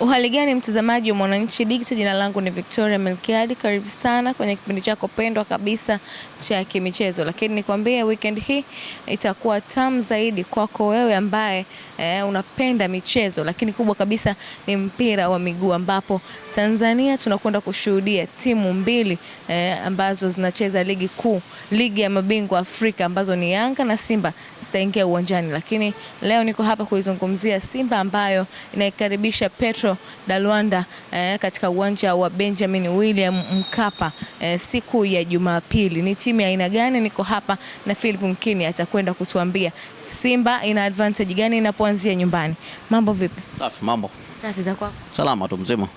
Uhali gani mtazamaji wa Mwananchi Digital, jina langu ni Victoria Melkiadi, karibu sana kwenye kipindi chako pendwa kabisa cha kimichezo. Lakini nikwambie weekend hii itakuwa tamu zaidi kwako wewe ambaye eh, unapenda michezo, lakini kubwa kabisa ni mpira wa miguu, ambapo Tanzania tunakwenda kushuhudia timu mbili eh, ambazo zinacheza ligi kuu, ligi ya mabingwa Afrika, ambazo ni Yanga na Simba zitaingia uwanjani. Lakini leo niko hapa kuizungumzia Simba ambayo inaikaribisha Petro kesho Dalwanda eh, katika uwanja wa Benjamin William Mkapa eh, siku ya Jumapili. Ni timu ya aina gani? Niko hapa na Philip Mkini atakwenda kutuambia Simba ina advantage gani inapoanzia nyumbani. Mambo vipi? Safi, mambo. Safi za kwako? Salama tu mzima.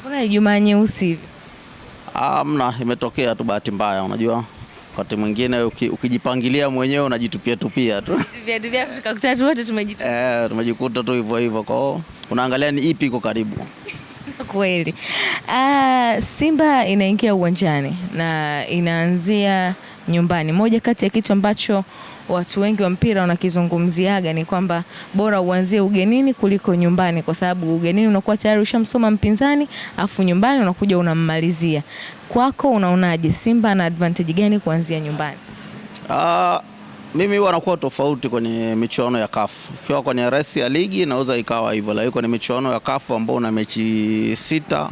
Mbona Ijumaa nyeusi hivi? Amna, imetokea tu bahati mbaya, unajua wakati mwingine uki, ukijipangilia mwenyewe unajitupia tupia tu. Viatu vyako tukakuta tu wote tumejitupia. Eh, tumejikuta tu hivyo hivyo kwao unaangalia ni ipi iko karibu. Kweli. Uh, Simba inaingia uwanjani na inaanzia nyumbani. Moja kati ya kitu ambacho watu wengi wa mpira wanakizungumziaga ni kwamba bora uanzie ugenini kuliko nyumbani, kwa sababu ugenini unakuwa tayari ushamsoma mpinzani, afu nyumbani unakuja unammalizia. Kwako unaonaje, Simba ana advantage gani kuanzia nyumbani? Uh, mimi huwa nakuwa tofauti kwenye michuano ya kafu. Ikiwa kwenye resi ya ligi inaweza ikawa hivyo, lakini kwenye michuano ya kafu ambao una mechi sita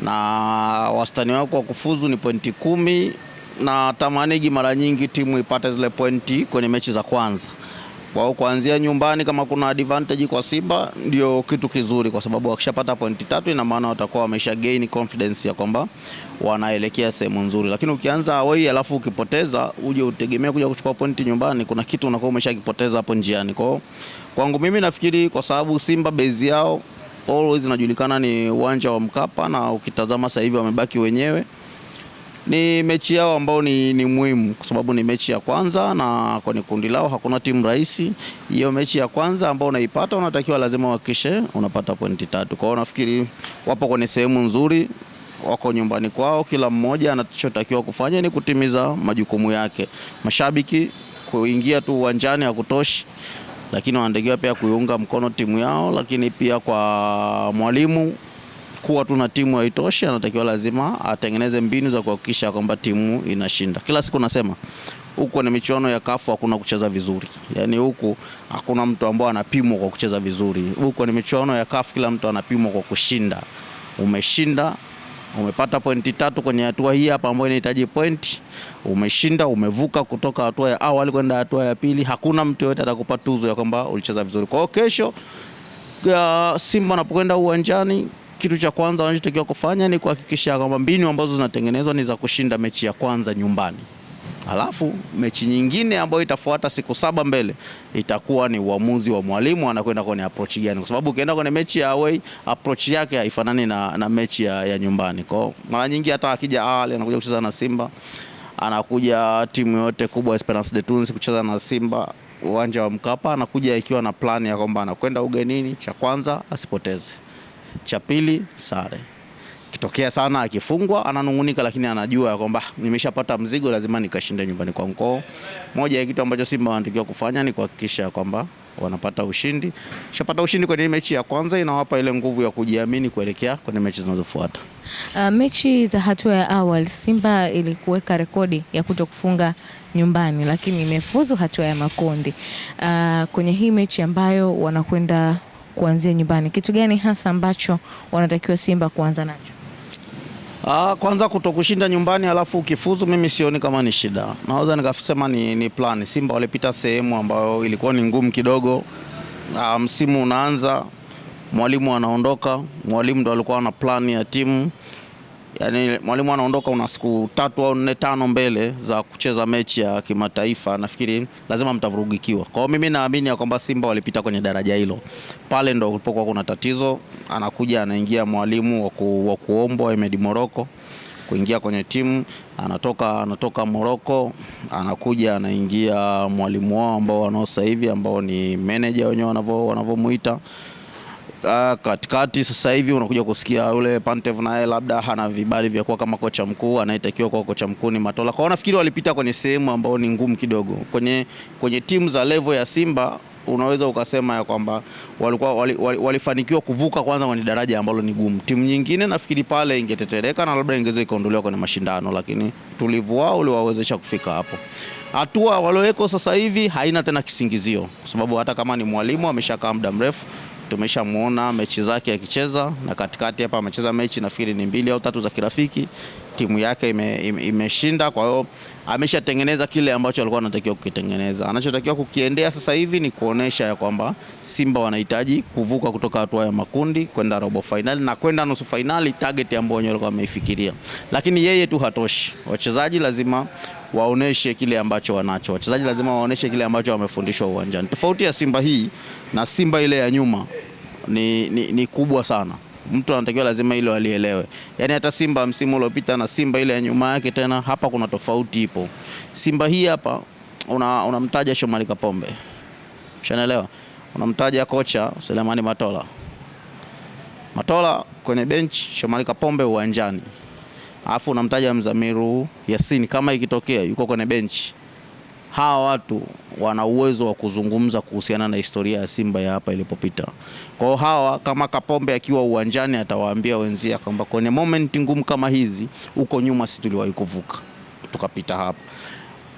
na wastani wako wa kufuzu ni pointi kumi na tamanigi mara nyingi timu ipate zile pointi kwenye mechi za kwanza. Kwa hiyo kuanzia nyumbani kama kuna advantage kwa Simba ndio kitu kizuri, kwa sababu wakishapata pointi tatu, ina maana watakuwa wamesha gain confidence ya kwamba wanaelekea sehemu nzuri. Lakini ukianza away alafu ukipoteza, uje utegemea kuja kuchukua pointi nyumbani, kuna kitu unakuwa umeshakipoteza hapo njiani. Kwa kwangu mimi nafikiri, kwa sababu Simba base yao always inajulikana ni uwanja wa Mkapa, na ukitazama sasa hivi wamebaki wenyewe ni mechi yao ambao ni, ni muhimu kwa sababu ni mechi ya kwanza na kwenye kundi lao hakuna timu rahisi. Hiyo mechi ya kwanza ambao unaipata unatakiwa lazima uhakikishe unapata pointi tatu. Kwa hiyo nafikiri wapo kwenye sehemu nzuri, wako nyumbani kwao, kila mmoja anachotakiwa kufanya ni kutimiza majukumu yake. Mashabiki kuingia tu uwanjani hakutoshi, lakini wanatakiwa pia kuiunga mkono timu yao, lakini pia kwa mwalimu kuwa tu na timu haitoshi, anatakiwa lazima atengeneze mbinu za kuhakikisha kwamba timu inashinda. Kila siku nasema huko ni michuano ya kafu hakuna kucheza vizuri, yaani huku hakuna mtu ambaye anapimwa kwa kucheza vizuri. Huko ni michuano ya kafu kila mtu anapimwa kwa kushinda. Umeshinda, umepata pointi tatu kwenye hatua hii hapa ambayo inahitaji pointi, umeshinda, umevuka kutoka hatua ya awali kwenda hatua ya pili. Hakuna mtu yoyote atakupa tuzo ya kwamba ulicheza vizuri. Kwa hiyo kesho uh, Simba anapokwenda uwanjani kitu cha kwanza wanachotakiwa kufanya ni kuhakikisha kwamba mbinu ambazo zinatengenezwa ni za kushinda mechi ya kwanza nyumbani, alafu mechi nyingine ambayo itafuata siku saba mbele itakuwa ni uamuzi wa mwalimu anakwenda kwenye approach gani, kwa sababu ukienda kwenye mechi ya away approach yake haifanani na, na mechi ya, ya nyumbani. Kwa mara nyingi hata akija awali anakuja kucheza na Simba, anakuja timu yote kubwa Esperance de Tunis kucheza na Simba uwanja wa Mkapa, anakuja ikiwa na plan ya kwamba anakwenda ugenini, cha kwanza asipoteze cha pili sare. Kitokea sana akifungwa ananungunika, lakini anajua kwamba nimeshapata mzigo, lazima nikashinde nyumbani kwa Kwao moja ya kitu ambacho Simba wanatakiwa kufanya ni kuhakikisha kwamba wanapata ushindi. Shapata ushindi kwenye mechi ya kwanza inawapa ile nguvu ya kujiamini kuelekea kwenye mechi zinazofuata. Uh, mechi za hatua ya awali Simba ilikuweka rekodi ya kuto kufunga nyumbani, lakini imefuzu hatua ya makundi. Uh, kwenye hii mechi ambayo wanakwenda kuanzia nyumbani. Kitu gani hasa ambacho wanatakiwa Simba kuanza nacho? Ah, kwanza kutokushinda nyumbani alafu ukifuzu, mimi sioni kama ni shida. Naweza nikasema ni, ni plan. Simba walipita sehemu ambayo ilikuwa ni ngumu kidogo. Ah, msimu unaanza, mwalimu anaondoka, mwalimu ndo alikuwa na plani ya timu yani mwalimu anaondoka, una siku tatu au nne tano mbele za kucheza mechi ya kimataifa, nafikiri lazima mtavurugikiwa. Kwa hiyo mimi naamini ya kwamba Simba walipita kwenye daraja hilo, pale ndo kulipokuwa kuna tatizo. Anakuja anaingia mwalimu wa waku, kuombwa Ahmed Moroko kuingia kwenye timu anatoka anatoka Moroko anakuja anaingia mwalimu wao ambao wanao sasa hivi ambao ni meneja wenyewe wanavyomuita uh, katikati sasa hivi unakuja kusikia yule Pantev naye labda hana vibali vya kuwa kama kocha mkuu, anayetakiwa kuwa kocha mkuu ni Matola. Kwa nafikiri walipita kwenye sehemu ambayo ni ngumu kidogo kwenye, kwenye timu za level ya Simba unaweza ukasema ya kwamba walikuwa walifanikiwa wali, wali kuvuka kwanza kwenye daraja ambalo ni gumu. Timu nyingine nafikiri pale ingetetereka na labda ingeweza ikaondolewa kwenye mashindano, lakini tulivu wao uliwawezesha kufika hapo. Hatua walioweko sasa hivi haina tena kisingizio, kwa sababu hata kama ni mwalimu ameshakaa muda mrefu tumeshamwona mechi zake akicheza, na katikati hapa amecheza mechi nafikiri ni mbili au tatu za kirafiki, timu yake imeshinda ime, kwa hiyo ameshatengeneza kile ambacho alikuwa anatakiwa kukitengeneza. Anachotakiwa kukiendea sasa hivi ni kuonesha ya kwamba Simba wanahitaji kuvuka kutoka hatua ya makundi kwenda robo fainali na kwenda nusu fainali, target ambayo wenyewe walikuwa wameifikiria. Lakini yeye tu hatoshi, wachezaji lazima waoneshe kile ambacho wanacho, wachezaji lazima waoneshe kile ambacho wamefundishwa uwanjani. Tofauti ya Simba hii na Simba ile ya nyuma ni, ni, ni kubwa sana. Mtu anatakiwa lazima ile alielewe. Yaani hata Simba msimu uliopita na Simba ile ya nyuma yake tena, hapa kuna tofauti ipo. Simba hii hapa unamtaja una Shomari Kapombe, ushanaelewa, unamtaja kocha Selemani Matola, Matola kwenye benchi, Shomari Kapombe uwanjani, alafu unamtaja Mzamiru Yasini kama ikitokea yuko kwenye benchi hawa watu wana uwezo wa kuzungumza kuhusiana na historia ya Simba ya hapa ilipopita. Kwa hiyo hawa kama Kapombe akiwa uwanjani atawaambia wenzia kwamba kwenye moment ngumu kama hizi, huko nyuma si tuliwahi kuvuka tukapita hapa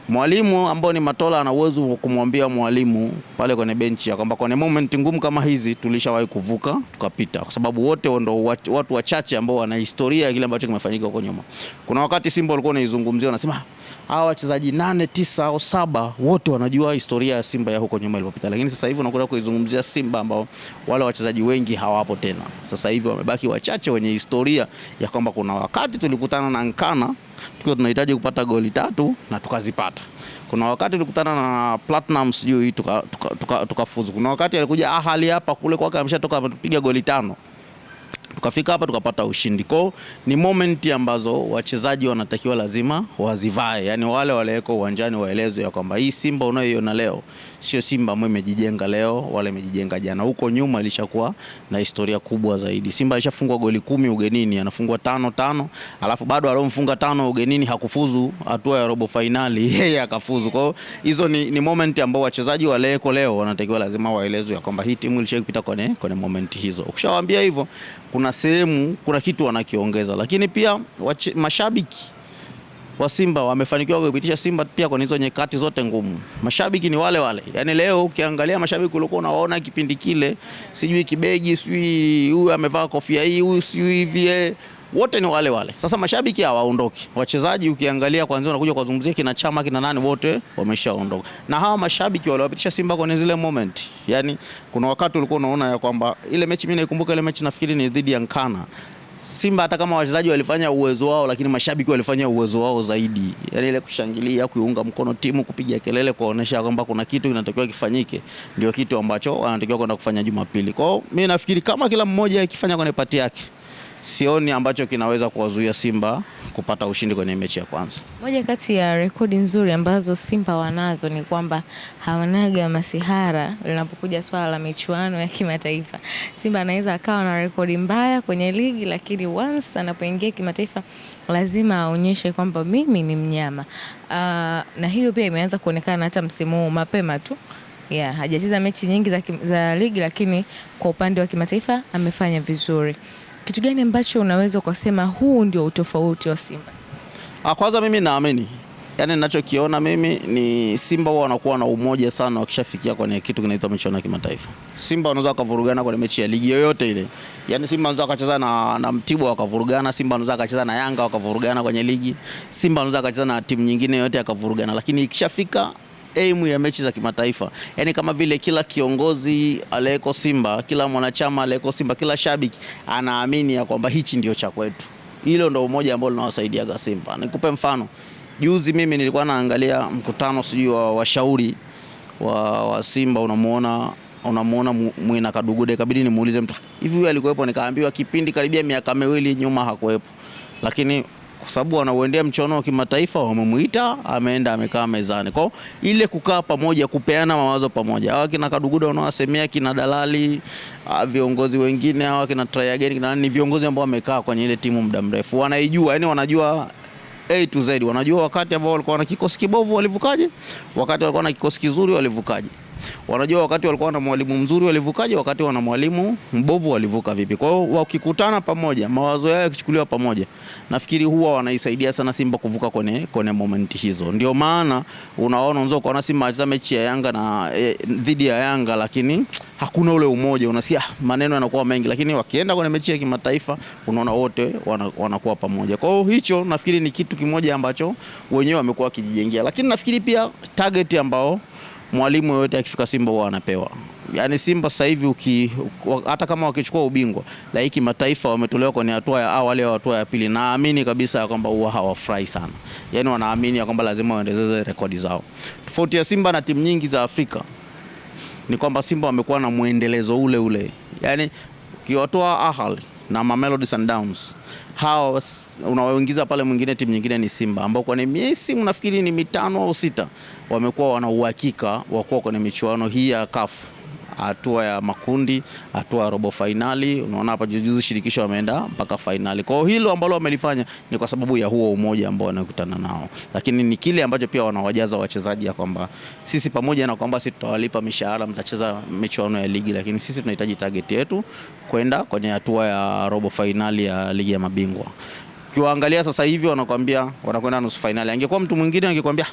mwalimu ambao ni Matola ana uwezo kumwambia mwalimu pale kwenye benchi ya kwamba kwenye moment ngumu kama hizi tulishawahi kuvuka tukapita, kwa sababu wote ndo watu wachache ambao wana historia ya kile ambacho kimefanyika huko nyuma. Kuna wakati Simba walikuwa wanaizungumzia, wanasema hawa wachezaji nane, tisa au saba wote wanajua historia ya Simba ya huko nyuma ilipopita, lakini sasa hivi unakuja kuizungumzia Simba ambao wale wachezaji wengi hawapo tena. Sasa hivi wamebaki wachache wenye historia ya kwamba kuna wakati tulikutana na Nkana tukiwa tunahitaji kupata goli tatu na tukazipata. Kuna wakati tulikutana na Platinum sijui tukafuzu tuka, tuka, tuka kuna wakati alikuja Ahali ah, hapa kule kwake ameshatoka ametupiga goli tano tukafika hapa tukapata ushindi. Kwa ni moment ambazo wachezaji wanatakiwa lazima wazivae, yani wale walewekwa uwanjani waelezwe ya kwamba hii Simba unayoiona leo sio Simba ambayo imejijenga leo wala imejijenga jana. Huko nyuma ilishakuwa na historia kubwa zaidi. Simba alishafungwa goli kumi ugenini, anafungwa tano tano, alafu bado alomfunga tano ugenini hakufuzu hatua ya robo fainali, yeye akafuzu. Kwa hizo ni, ni moment ambao wachezaji walewekwa leo wanatakiwa lazima waelezwe ya kwamba hii timu ilishakupita kwenye kwenye moment hizo. Ukishawaambia hivyo kuna kuna sehemu kuna kitu wanakiongeza, lakini pia wache, mashabiki wa Simba wamefanikiwa kuipitisha Simba pia kwa hizo nyakati zote ngumu. Mashabiki ni wale wale, yani leo ukiangalia mashabiki ulikuwa unawaona kipindi kile, sijui kibegi, sijui huyu amevaa kofia hii, huyu sijui hivi eh, wote ni wale wale. Sasa mashabiki hawaondoki, wachezaji ukiangalia kwanza unakuja kuwazungumzia kina Chama kina nani, wote wameshaondoka, na hawa mashabiki waliowapitisha Simba kwenye zile moment, yani kuna wakati ulikuwa unaona ya kwamba ile mechi, mimi naikumbuka ile mechi, nafikiri ni dhidi ya Nkana Simba hata kama wachezaji walifanya uwezo wao, lakini mashabiki walifanya uwezo wao zaidi, yaani ile kushangilia, kuiunga mkono timu, kupiga kelele, kuonesha kwamba kuna kitu kinatakiwa kifanyike, ndio kitu ambacho wanatakiwa kwenda kufanya Jumapili. Kwao mimi nafikiri kama kila mmoja akifanya kwenye pati yake sioni ambacho kinaweza kuwazuia Simba kupata ushindi kwenye mechi ya kwanza. Moja kati ya rekodi nzuri ambazo Simba wanazo ni kwamba hawanaga masihara linapokuja swala la michuano ya kimataifa. Simba anaweza akawa na rekodi mbaya kwenye ligi, lakini once anapoingia kimataifa lazima aonyeshe kwamba mimi ni mnyama. Uh, na hiyo pia imeanza kuonekana hata msimu huu mapema tu Yeah, hajacheza mechi nyingi za, za ligi lakini kwa upande wa kimataifa amefanya vizuri kitu gani ambacho unaweza ukasema huu ndio utofauti wa Simba? Ah, kwanza mimi naamini yaani, ninachokiona mimi ni Simba huwa wanakuwa na umoja sana wakishafikia kwenye kitu kinaitwa michuano ya kimataifa. Simba wanaweza wakavurugana kwenye mechi ya ligi yoyote ile, yaani Simba wanaweza wakacheza na, na Mtibwa wakavurugana, Simba wanaweza wakacheza na Yanga wakavurugana kwenye ligi, Simba wanaweza wakacheza na timu nyingine yoyote akavurugana, lakini ikishafika aim ya mechi za kimataifa, yaani kama vile kila kiongozi aliyeko Simba, kila mwanachama aliyeko Simba, kila shabiki anaamini ya kwamba hichi ndio cha kwetu. Hilo ndio umoja ambao linawasaidiaga Simba. Nikupe mfano, juzi mimi nilikuwa naangalia mkutano sijui wa washauri wa, wa Simba, unamuona unamuona Mwina Kadugude, ikabidi nimuulize mtu hivi, huyu alikuwepo? Nikaambiwa kipindi karibia miaka miwili nyuma hakuwepo, lakini kwa sababu anauendea mchuano wa kimataifa, wamemwita ameenda amekaa mezani kwao, ile kukaa pamoja, kupeana mawazo pamoja. Hawa kina Kaduguda wanaowasemea kina Dalali, ah, viongozi wengine hawa kina again, kina ni viongozi ambao wamekaa kwenye ile timu muda mrefu, wanaijua yani, wanajua A to Z, wanajua wakati ambao walikuwa na kikosi kibovu walivukaje, wakati walikuwa na kikosi kizuri walivukaje wanajua wakati walikuwa na mwalimu mzuri walivukaje, wakati wana mwalimu mbovu walivuka vipi. Kwa hiyo wakikutana pamoja, mawazo yao yakichukuliwa pamoja, nafikiri huwa wanaisaidia sana Simba kuvuka kwenye, kwenye moment hizo. Ndio maana unaona unzo kuona Simba acheza mechi ya Yanga na e, ya Yanga, lakini hakuna ule umoja, unasikia maneno yanakuwa mengi, lakini wakienda kwenye mechi ya kimataifa unaona wote wanakuwa wana pamoja. Kwa hiyo hicho nafikiri ni kitu kimoja ambacho wenyewe wamekuwa wakijijengea, lakini nafikiri pia target ambao mwalimu yoyote akifika Simba huwa anapewa. Yaani Simba sasa hivi uki, hata kama wakichukua ubingwa la kimataifa wametolewa kwenye hatua ya awali au hatua ya pili, naamini kabisa kwamba huwa hawafurahi sana. Yaani wanaamini kwamba lazima waendeleze rekodi zao. Tofauti ya Simba na timu nyingi za Afrika ni kwamba Simba wamekuwa na mwendelezo ule ule, yaani ukiwatoa Ahly na Mamelodi Sundowns hao unawaingiza pale mwingine, timu nyingine ni Simba ambao kwa ni miezi nafikiri ni mitano au sita wamekuwa wana uhakika wa kuwa kwenye michuano hii ya CAF hatua ya makundi, hatua ya robo fainali. Unaona hapa juzi shirikisho wameenda mpaka fainali. Kwa hiyo hilo ambalo wamelifanya ni kwa sababu ya huo umoja ambao wanakutana nao, lakini ni kile ambacho pia wanawajaza wachezaji ya kwamba sisi, pamoja na kwamba sisi tutawalipa mishahara, mtacheza michuano ya ligi, lakini sisi tunahitaji target yetu kwenda kwenye hatua ya robo fainali ya ligi ya mabingwa. Ukiwaangalia sasa hivi wanakuambia wanakwenda nusu fainali. Angekuwa mtu mwingine angekuambia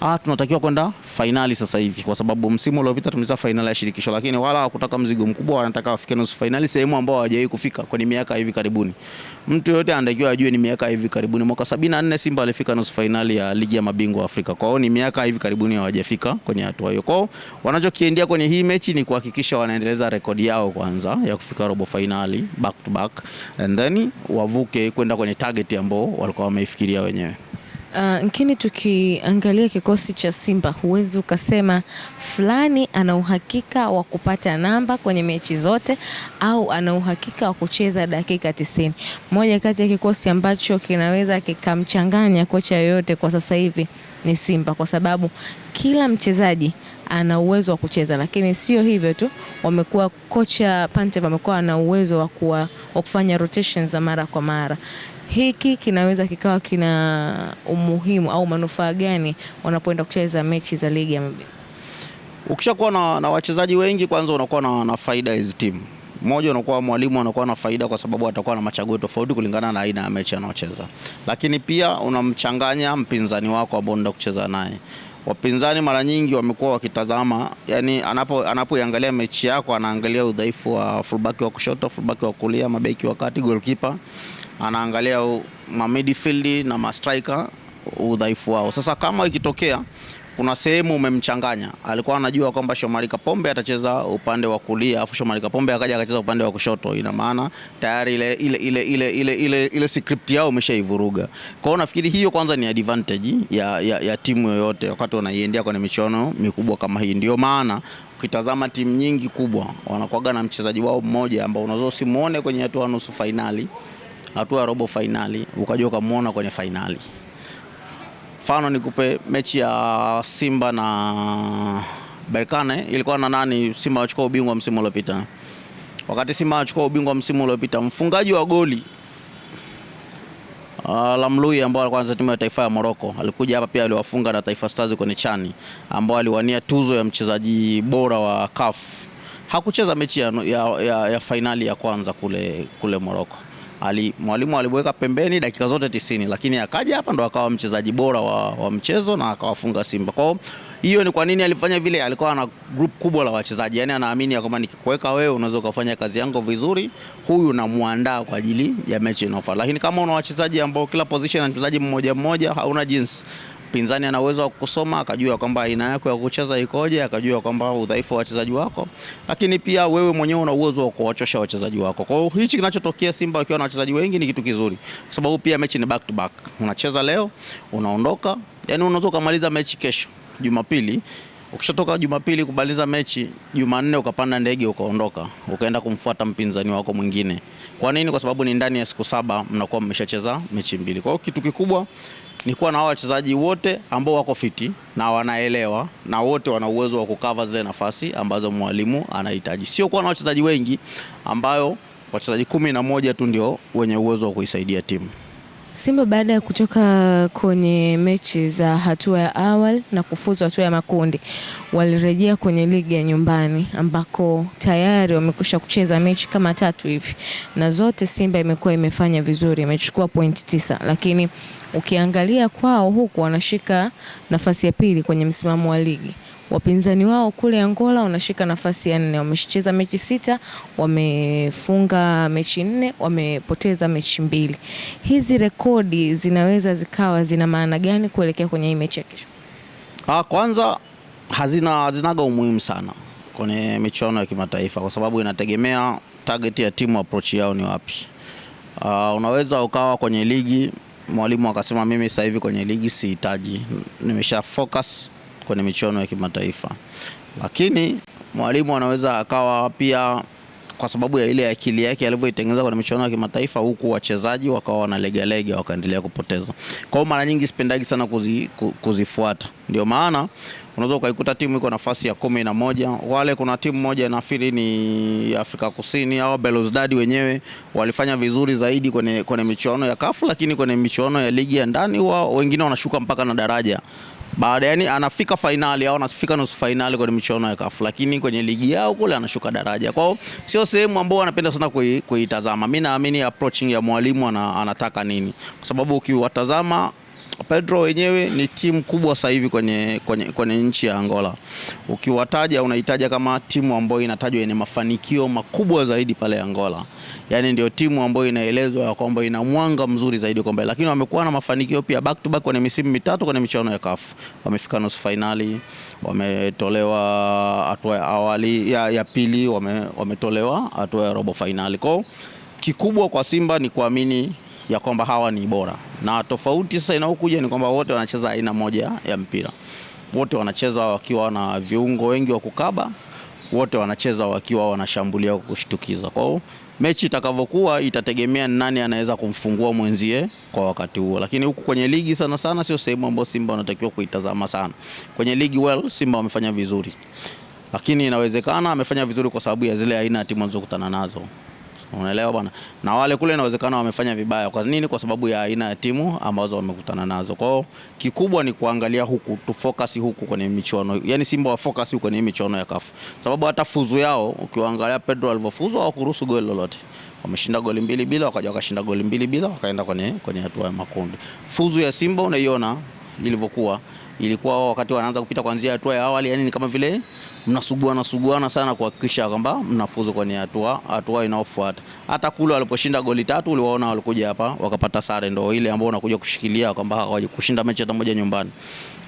ah, tunatakiwa kwenda fainali sasa hivi, kwa sababu msimu uliopita tumeza fainali ya shirikisho, lakini wala hawakutaka mzigo mkubwa, wanataka wafike nusu fainali, sehemu ambao hawajawahi kufika kwenye miaka hivi karibuni. Mtu yote anatakiwa ajue ni miaka hivi karibuni. Mwaka 74 Simba alifika nusu fainali ya ligi ya mabingwa Afrika, kwa hiyo ni miaka hivi karibuni hawajafika kwenye hatua hiyo. Kwa hiyo wanachokiendea kwenye hii mechi ni kuhakikisha wanaendeleza rekodi yao kwanza ya kufika robo fainali back to back, and then wavuke kwenda kwenye target ambao walikuwa wameifikiria wenyewe. Uh, eh, Nkini, tukiangalia kikosi cha Simba huwezi ukasema fulani ana uhakika wa kupata namba kwenye mechi zote au ana uhakika wa kucheza dakika tisini. Moja kati ya kikosi ambacho kinaweza kikamchanganya kocha yoyote kwa sasa hivi ni Simba kwa sababu kila mchezaji ana uwezo wa kucheza, lakini sio hivyo tu, wamekuwa kocha Pante amekuwa ana uwezo wa kufanya rotations za mara kwa mara hiki kinaweza kikawa kina umuhimu au manufaa gani wanapoenda kucheza mechi za ligi ya mabingwa? Ukishakuwa na, na wachezaji wengi kwanza, unakuwa na, na faida hizi timu mmoja unakuwa mwalimu anakuwa na faida kwa sababu atakuwa na machaguo tofauti kulingana na aina ya mechi anaocheza, lakini pia unamchanganya mpinzani wako ambao unaenda kucheza naye. Wapinzani mara nyingi wamekuwa wakitazama, yani anapo anapoiangalia mechi yako anaangalia udhaifu wa fullback wa kushoto, fullback wa kulia, mabeki wa kati, goalkeeper anaangalia ma midfield na ma striker udhaifu wao. Sasa kama ikitokea kuna sehemu umemchanganya, alikuwa anajua kwamba Shomari Kapombe atacheza upande wa kulia afu Shomari Kapombe akaja akacheza upande wa kushoto, ina maana tayari ile, ile, ile, ile, ile, ile, ile script yao umeshaivuruga. Kwa hiyo nafikiri hiyo kwanza ni advantage ya, ya, ya timu yoyote wakati wanaiendea kwenye michuano mikubwa kama hii, ndio maana ukitazama timu nyingi kubwa wanakuwaga na mchezaji wao mmoja ambao unaweza usimuone kwenye hatua nusu fainali hatua ya robo fainali ukaja ukamwona kwenye fainali. Mfano nikupe mechi ya Simba na Berkane, ilikuwa na nani? Simba wachukua ubingwa msimu uliopita. Wakati Simba wachukua ubingwa msimu uliopita, mfungaji wa goli Uh, Lamloui ambao alikuwa anza timu ya taifa ya Morocco alikuja hapa pia aliwafunga na Taifa Stars kwenye chani ambao aliwania tuzo ya mchezaji bora wa CAF. Hakucheza mechi ya, ya, ya, ya fainali ya kwanza kule, kule Morocco ali, mwalimu aliweka pembeni dakika zote tisini, lakini akaja hapa ndo akawa mchezaji bora wa, wa mchezo na akawafunga Simba. Kwa hiyo ni kwa nini alifanya vile? Alikuwa na group kubwa la wachezaji, yani anaamini ya kwamba nikikuweka wewe unaweza ukafanya kazi yangu vizuri, huyu namwandaa kwa ajili ya mechi inayofuata. Lakini kama una wachezaji ambao kila position na mchezaji mmoja mmoja, hauna jinsi mpinzani ana uwezo wa kusoma, akajua kwamba aina yako ya kucheza ikoje, akajua kwamba udhaifu wa wachezaji wako, lakini pia wewe mwenyewe una uwezo wa kuwachosha wachezaji wako. Kwa hiyo hichi kinachotokea Simba wakiwa na wachezaji wengi ni kitu kizuri, kwa sababu pia mechi ni back to back, unacheza leo unaondoka, yani unaweza ukamaliza mechi kesho Jumapili ukishatoka Jumapili kumaliza mechi Jumanne, ukapanda ndege ukaondoka ukaenda kumfuata mpinzani wako mwingine. Kwa nini? Kwa sababu ni ndani ya siku saba mnakuwa mmeshacheza mechi mbili. Kwa hiyo kitu kikubwa ni kuwa na hao wachezaji wote ambao wako fiti na wanaelewa na wote wana uwezo wa kukava zile nafasi ambazo mwalimu anahitaji, sio kuwa na wachezaji wengi ambayo wachezaji kumi na moja tu ndio wenye uwezo wa kuisaidia timu. Simba baada ya kutoka kwenye mechi za hatua ya awali na kufuzu hatua ya makundi walirejea kwenye ligi ya nyumbani ambako tayari wamekusha kucheza mechi kama tatu hivi, na zote Simba imekuwa imefanya vizuri, imechukua pointi tisa, lakini ukiangalia kwao huku wanashika nafasi ya pili kwenye msimamo wa ligi. Wapinzani wao kule Angola wanashika nafasi ya nne, wamecheza mechi sita, wamefunga mechi nne, wamepoteza mechi mbili. Hizi rekodi zinaweza zikawa zina maana gani kuelekea kwenye hii mechi ya kesho? Ah, kwanza hazina hazinaga umuhimu sana kwenye michuano ya kimataifa kwa sababu inategemea target ya timu, approach yao ni wapi. Uh, unaweza ukawa kwenye ligi mwalimu akasema mimi sasa hivi kwenye ligi sihitaji, nimesha focus kwenye michuano ya kimataifa. Lakini mwalimu anaweza akawa pia kwa sababu ya ile akili yake alivyoitengeneza kwenye michuano ya kimataifa, huku wachezaji wakawa wanalegalega wakaendelea kupoteza. Kwa hiyo mara nyingi sipendagi sana kuzi, kuzifuata. Ndio maana unaweza ukaikuta timu iko nafasi ya kumi na moja wale, kuna timu moja nafikiri ni Afrika Kusini au Belouizdad wenyewe walifanya vizuri zaidi kwenye, kwenye michuano ya kafu, lakini kwenye michuano ya ligi ya ndani wao wengine wanashuka mpaka na daraja baada yani, anafika fainali au anafika nusu fainali kwenye michuano ya kafu lakini kwenye ligi yao kule anashuka daraja. Kwao sio sehemu ambao wanapenda sana kuitazama. Mimi naamini approaching ya mwalimu anataka nini, kwa sababu ukiwatazama Pedro wenyewe ni timu kubwa sasa hivi kwenye, kwenye, kwenye nchi ya Angola. Ukiwataja unahitaja kama timu ambayo inatajwa yenye mafanikio makubwa zaidi pale Angola, yaani ndio timu ambayo inaelezwa ya kwamba ina mwanga mzuri zaidi kwamba, lakini wamekuwa na mafanikio pia back to back kwenye misimu mitatu kwenye michuano ya CAF. Wamefika nusu fainali, wametolewa hatua ya awali ya, ya pili, wametolewa hatua ya robo fainali. Kwa kikubwa kwa Simba ni kuamini ya kwamba hawa ni bora, na tofauti sasa inaokuja ni kwamba wote wanacheza aina moja ya mpira, wote wanacheza wakiwa na viungo wengi wa kukaba, wote wanacheza wakiwa wanashambulia kushtukiza. Kwa hiyo mechi itakavyokuwa itategemea nani anaweza kumfungua mwenzie kwa wakati huo, lakini huku kwenye ligi sana sana sio sehemu ambayo Simba wanatakiwa kuitazama sana. Kwenye ligi well, Simba wamefanya vizuri, lakini inawezekana amefanya vizuri kwa sababu ya zile aina ya timu anazokutana nazo unaelewa bwana, na wale kule inawezekana wamefanya vibaya. Kwa nini? Kwa sababu ya aina ya timu ambazo wamekutana nazo. Kwao kikubwa ni kuangalia huku tu focus huku kwenye michuano, yani Simba wa focus huku kwenye michuano ya CAF, sababu hata fuzu yao ukiwaangalia Pedro alivyofuzu hawakuruhusu goli lolote wameshinda goli mbili bila, wakaja wakashinda goli mbili bila, wakaenda kwenye kwenye hatua ya makundi. Fuzu ya Simba unaiona ilivyokuwa ilikuwa wakati wanaanza kupita kuanzia hatua ya awali, yani ni kama vile mnasuguana suguana sana kuhakikisha kwamba mnafuzu kwenye hatua hatua inayofuata. Hata kule waliposhinda goli tatu uliwaona walikuja hapa wakapata sare, ndio ile ambayo unakuja kushikilia kwamba hawaje kushinda mechi hata moja nyumbani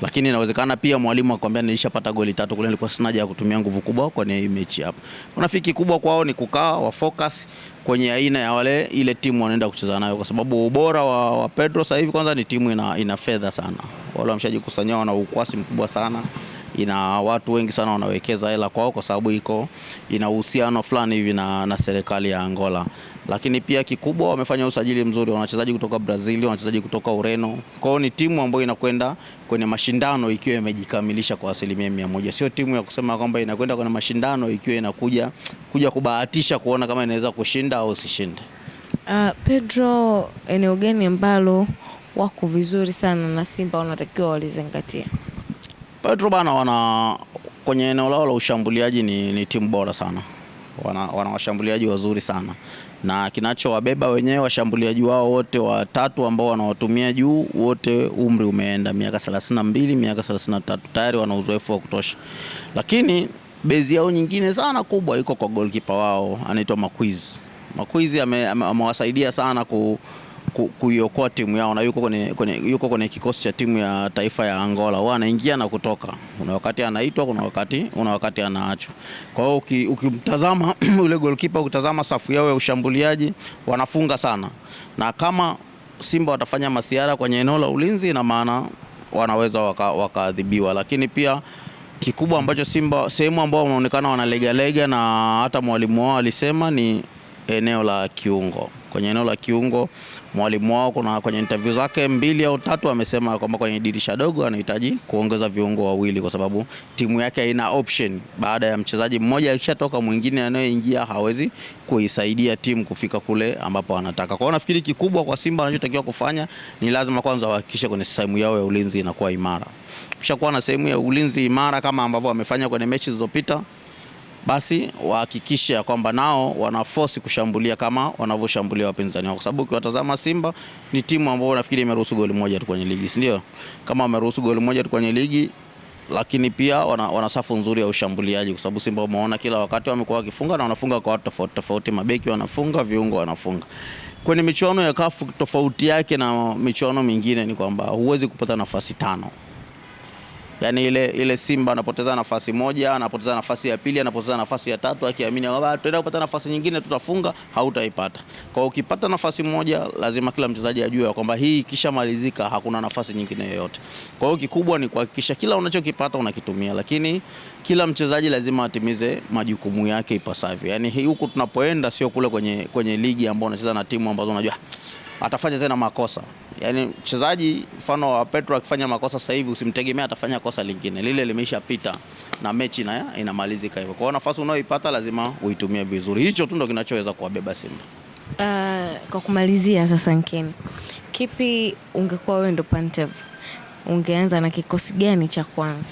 lakini inawezekana pia mwalimu akwambia nilishapata goli tatu kule, nilikuwa sina haja ya kutumia nguvu kubwa kwenye mechi hapa. Unafiki kubwa kwao ni kukaa wa focus kwenye aina ya wale ile timu wanaenda kucheza nayo, kwa sababu ubora wa, wa Pedro sasa hivi kwanza ni timu ina, ina fedha sana, wale wameshajikusanyia, wana ukwasi mkubwa sana ina watu wengi sana wanawekeza hela kwao, kwa sababu iko ina uhusiano fulani hivi na, na serikali ya Angola lakini pia kikubwa wamefanya usajili mzuri, wana wachezaji kutoka Brazil, wachezaji kutoka Ureno. Kwa hiyo ni timu ambayo inakwenda kwenye mashindano ikiwa imejikamilisha kwa asilimia mia moja, sio timu ya kusema kwamba inakwenda kwenye mashindano ikiwa inakuja kuja kubahatisha kuona kama inaweza kushinda au usishinde. Uh, ah, Pedro, eneo gani ambalo wako vizuri sana na Simba wanatakiwa walizingatia? Pedro bana, wana kwenye eneo lao la ushambuliaji ni, ni timu bora sana, wana, wana washambuliaji wazuri sana na kinachowabeba wenyewe washambuliaji wao wote watatu ambao wanawatumia juu, wote umri umeenda miaka 32, miaka 33, tayari wana uzoefu wa kutosha, lakini bezi yao nyingine sana kubwa iko kwa goalkeeper wao anaitwa Makwizi. Makwizi amewasaidia sana ku kuiokoa timu yao, na yuko kwenye, kwenye, yuko kwenye kikosi cha timu ya taifa ya Angola. Huwa anaingia na kutoka, kuna wakati anaitwa, kuna wakati kuna wakati anaachwa. Kwa hiyo uki, ukimtazama yule goalkeeper, ukitazama safu yao ya ushambuliaji wanafunga sana, na kama Simba watafanya masiara kwenye eneo la ulinzi, ina maana wanaweza wakaadhibiwa waka, lakini pia kikubwa ambacho Simba sehemu ambao wanaonekana wanalegalega na hata mwalimu wao alisema ni eneo la kiungo kwenye eneo la kiungo. Mwalimu wao kuna kwenye interview zake mbili au tatu amesema kwamba kwenye dirisha dogo anahitaji kuongeza viungo wawili, kwa sababu timu yake haina option. Baada ya mchezaji mmoja akishatoka, mwingine anayeingia hawezi kuisaidia timu kufika kule ambapo anataka. Kwa hiyo nafikiri kikubwa kwa Simba anachotakiwa kufanya ni lazima kwanza wahakikishe kwenye sehemu yao ya ulinzi inakuwa imara. Kisha kuwa na sehemu ya ulinzi imara kama ambavyo wamefanya kwenye mechi zilizopita basi wahakikishe ya kwamba nao wanaforce kushambulia kama wanavyoshambulia wapinzani wao, kwa sababu ukiwatazama Simba ni timu ambayo nafikiri imeruhusu goli moja tu kwenye ligi, si ndio? Kama wameruhusu goli moja tu kwenye ligi lakini pia wana, wana safu nzuri ya ushambuliaji, kwa sababu Simba umeona kila wakati wamekuwa wakifunga na wanafunga kwa watu tofauti tofauti, mabeki wanafunga, viungo wanafunga. Kwenye michuano ya kafu tofauti yake na michuano mingine ni kwamba huwezi kupata nafasi tano yani ile, ile Simba anapoteza nafasi moja, anapoteza nafasi ya pili, anapoteza nafasi ya tatu, akiamini kwamba tutaenda kupata nafasi nyingine tutafunga, hautaipata. Kwa ukipata nafasi moja, lazima kila mchezaji ajue kwamba hii ikishamalizika hakuna nafasi nyingine yoyote. Kwa hiyo kikubwa ni kuhakikisha kila unachokipata unakitumia, lakini kila mchezaji lazima atimize majukumu yake ipasavyo. Yani huku tunapoenda sio kule kwenye, kwenye ligi ambayo unacheza na timu ambazo unajua atafanya tena makosa yani mchezaji mfano wa Petro akifanya makosa sasa hivi usimtegemea atafanya kosa lingine, lile limeshapita na mechi na inamalizika hivyo. Kwa hiyo nafasi unayoipata lazima uitumie vizuri, hicho tu ndo kinachoweza kuwabeba Simba. Uh, kwa kumalizia sasa, Nkeni, kipi ungekuwa wewe ndo Pantev, ungeanza na kikosi gani cha kwanza?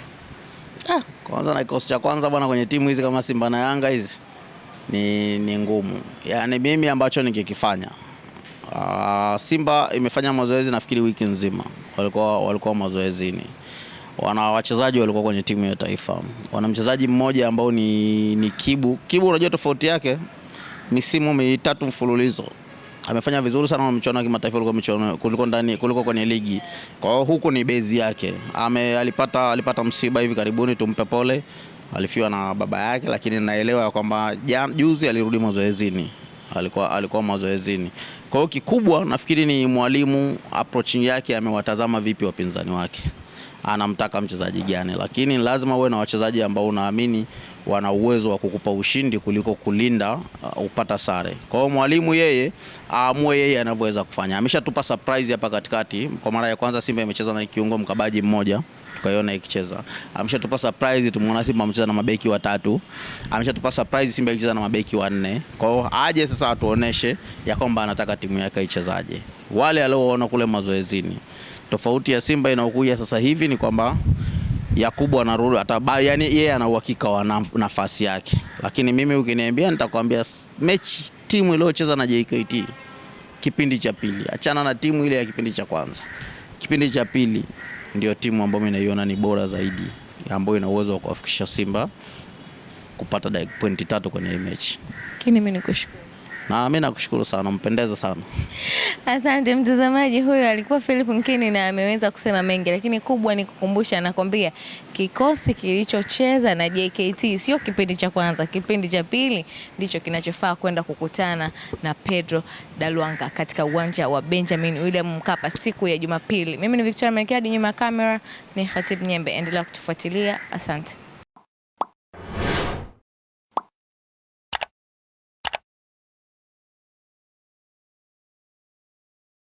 Ah, kwanza na kikosi cha kwanza bwana, kwenye timu hizi kama Simba na Yanga hizi ni, ni ngumu. yani mimi ambacho ningekifanya Uh, Simba imefanya mazoezi nafikiri wiki nzima walikuwa, walikuwa mazoezini, wana wachezaji walikuwa kwenye timu ya taifa, wana mchezaji mmoja ambao ni, ni Kibu. Kibu unajua tofauti yake, misimu mitatu mfululizo amefanya vizuri sana michuano ya kimataifa kuliko michuano kuliko ndani kuliko kwenye ligi. Kwa hiyo huku ni bezi yake. Ame, alipata, alipata msiba hivi karibuni, tumpe pole, alifiwa na baba yake, lakini naelewa kwamba juzi alirudi mazoezini, alikuwa, alikuwa mazoezini. Kwa hiyo kikubwa nafikiri ni mwalimu approaching yake, amewatazama vipi wapinzani wake, anamtaka mchezaji gani, lakini lazima uwe na wachezaji ambao unaamini wana uwezo wa kukupa ushindi kuliko kulinda uh, upata sare. Kwa hiyo mwalimu yeye aamue yeye anavyoweza kufanya. Ameshatupa surprise hapa katikati. Kwa mara ya kwanza Simba imecheza na kiungo mkabaji mmoja tukaiona ikicheza. Ameshatupa surprise, tumeona Simba amecheza na mabeki watatu, ameshatupa surprise, Simba ilicheza na mabeki wanne. Kwa hiyo aje sasa atuoneshe ya kwamba anataka timu yake ichezaje, wale alioona kule mazoezini. Tofauti ya Simba inaokuja sasa hivi ni kwamba Yakubu anarudi ataba, yani yeye ana uhakika wa nafasi yake, lakini mimi ukiniambia, nitakwambia mechi timu iliyocheza na JKT kipindi cha pili, achana na timu ile ya kipindi cha kwanza, kipindi cha pili ndio timu ambayo naiona ni bora zaidi ambayo ina uwezo wa kuwafikisha Simba kupata pointi tatu kwenye hii mechi. Lakini mimi nikushukuru na mimi nakushukuru sana, mpendeza sana. Asante mtazamaji, huyo alikuwa Philip Nkini na ameweza kusema mengi, lakini kubwa ni kukumbusha, anakwambia kikosi kilichocheza na JKT sio kipindi cha kwanza, kipindi cha pili ndicho kinachofaa kwenda kukutana na Pedro Dalwanga katika uwanja wa Benjamin William Mkapa siku ya Jumapili. Mimi ni Victoria Mekadi, nyuma ya kamera ni Khatib Nyembe. Endelea kutufuatilia, asante.